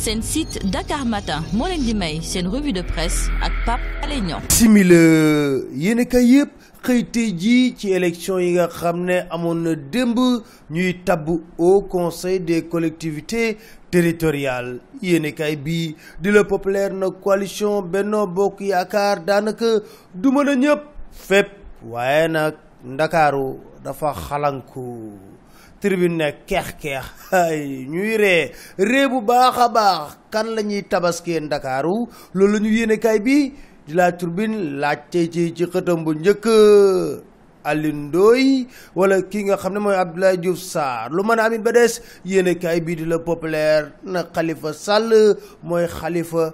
seen site Dakar Matin moo leen di may seen revue de presse ak Pape Alé Niang simila yéen kay yëpp xëyte ji ci élection yi nga xam ne amoon na démb ñuy tab au conseil des collectivités territoriales yéene bi di la populaire na coalition Benno Bokk Yaakaar daanaka du mën a ñëpp fépp waaye nag ndakaaru dafa xalanku tribune ne keex-keex ay ñuy ree ree bu baax a baax kan lañuy tabaskee ndakaaru loolu lañu ñu bi di la tribune laaj tey ci ci xëtam bu njëkk Alioune Ndoye wala kii nga xam ne mooy Abdoulaye Diouf Sarr lu mën a amit ba des yéene kaay bii di la populaire na xalifa sàll mooy xalifa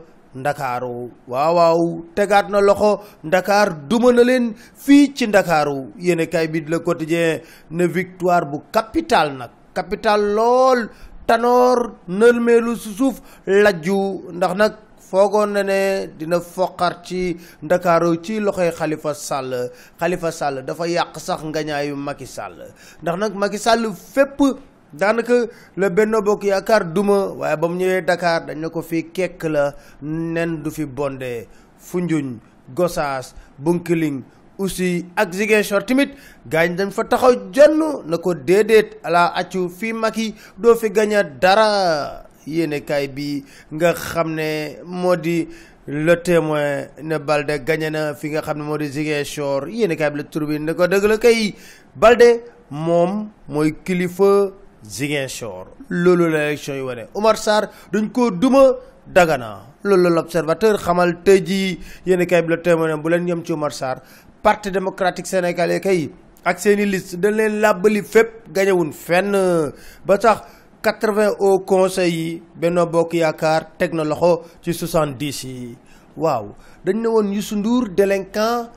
ndakaaru waawaaw tegaat na loxo ndakaar duma na leen fii ci ndakaaru yéene kay bi Le Quotidien ne victoire bu capital nag capital lool tanoor nërmeelu su suuf lajju ndax nag foogoon na ne dina foqar ci ndakaaru ci loxoy Khalifa Sall Khalifa Sall dafa yàq sax ngañaayu Macky Sall ndax nag Macky fépp daanaka la benn Bokk Yaakaar duma waaye ba mu ñëwee Dakar dañ ne ko fii kekk la nen du fi bondé Foundiougne Gossas Bounkiling aussi ak Ziguinchor tamit gaañ dañ fa taxaw jonn na ko déedéet ala accu fii Macky doo fi gaña dara yéenekaay bi nga xam ne moo di Le Témoin ne Balde gañe na fi nga xam ne moo di Ziguinchor yéenekaay bi la tur bi ne ko dëgg la kay Balde moom mooy kilifa Ziguinchor loolu la élection yi wane Omar Sarr dañ koo duma Dagana loolu la observateur xamal tey jii yéen kay bi la témoin bu leen yem ci Omar Sarr parti démocratique sénégalais kay ak seen i liste dañ leen làbbali fépp gañewuñ fenn ba tax 80 au conseil yi Benno Bokk Yaakaar teg na loxo ci 70 yi waaw dañ ne woon Youssou Ndour délinquant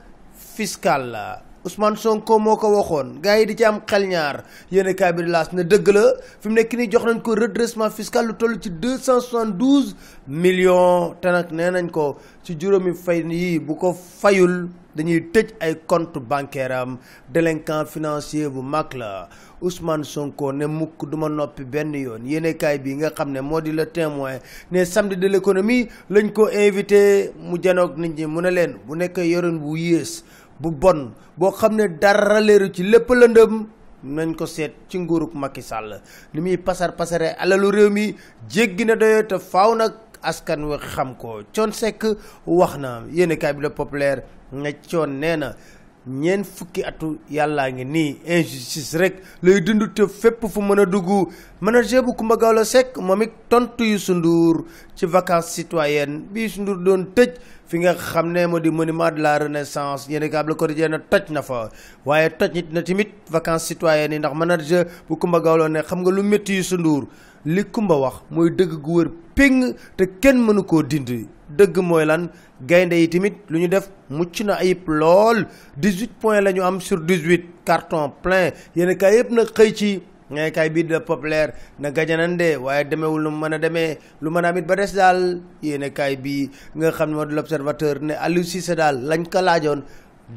fiscal la Ousmane Sonko moo ko waxoon gars yi di ci am xel ñaar yéen kaay bi di laas ne dëgg la fi mu nekk nii jox nañ ko redressement fiscal lu toll ci deux cent soixante douze million te nag nee nañ ko ci juróomi fay yi bu ko fayul dañuy tëj ay compte banqueram am délinquant financier bu mag la Ousmane Sonko ne mukk duma noppi benn yoon yéenekaay bi nga xam ne moo di le témoin ne samedi de l'économie lañ ko invité mu janoog nit ñi mu ne leen bu nekk yorin bu yées bu bon boo xam ne dara leeru ci lépp lëndëm nañ ko seet ci nguurug Macky sàll li muy pasar pasare alalu réew mi jéggi na doyoo te faaw nag askan wi xam ko coon sekk wax na yéen kaay bi la populaire ne coon nee na ñeent fukki atu yàllaa ngi nii injustice rek lay dund te fépp fu mën a dugg manager bu Coumba Gawlo Seck moom it tontu Youssou Ndour ci vacances citoyennes bi Youssou Ndour doon tëj fi nga xam ne moo di monument de la renaissance yéen i ko Quotidien na toj na fa waaye toj nit na tamit vacances citoyennes yi ndax manager bu Coumba Gawlo ne xam nga lu métti Youssou Ndour li Kumba wax mooy dëgg gu wër péng te kenn mënu koo dindi dëgg mooy lan gaynde yi tamit lu ñu def mucc na ayib lool 18 points la ñu am sur 18 carton plein yéen kaay yëpp nag xëy ci ngay kaay bii de populaire na gajanan waaye demewul lu mën a demee lu mën a it ba des daal yéen kaay bii nga xam ne moo di l'observateur ne Aliou Cissé daal lañ ko laajoon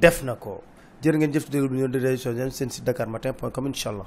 def na ko jërë ngeen jëf ci déglu bi ñu doon déglu seen site dakarmatin point com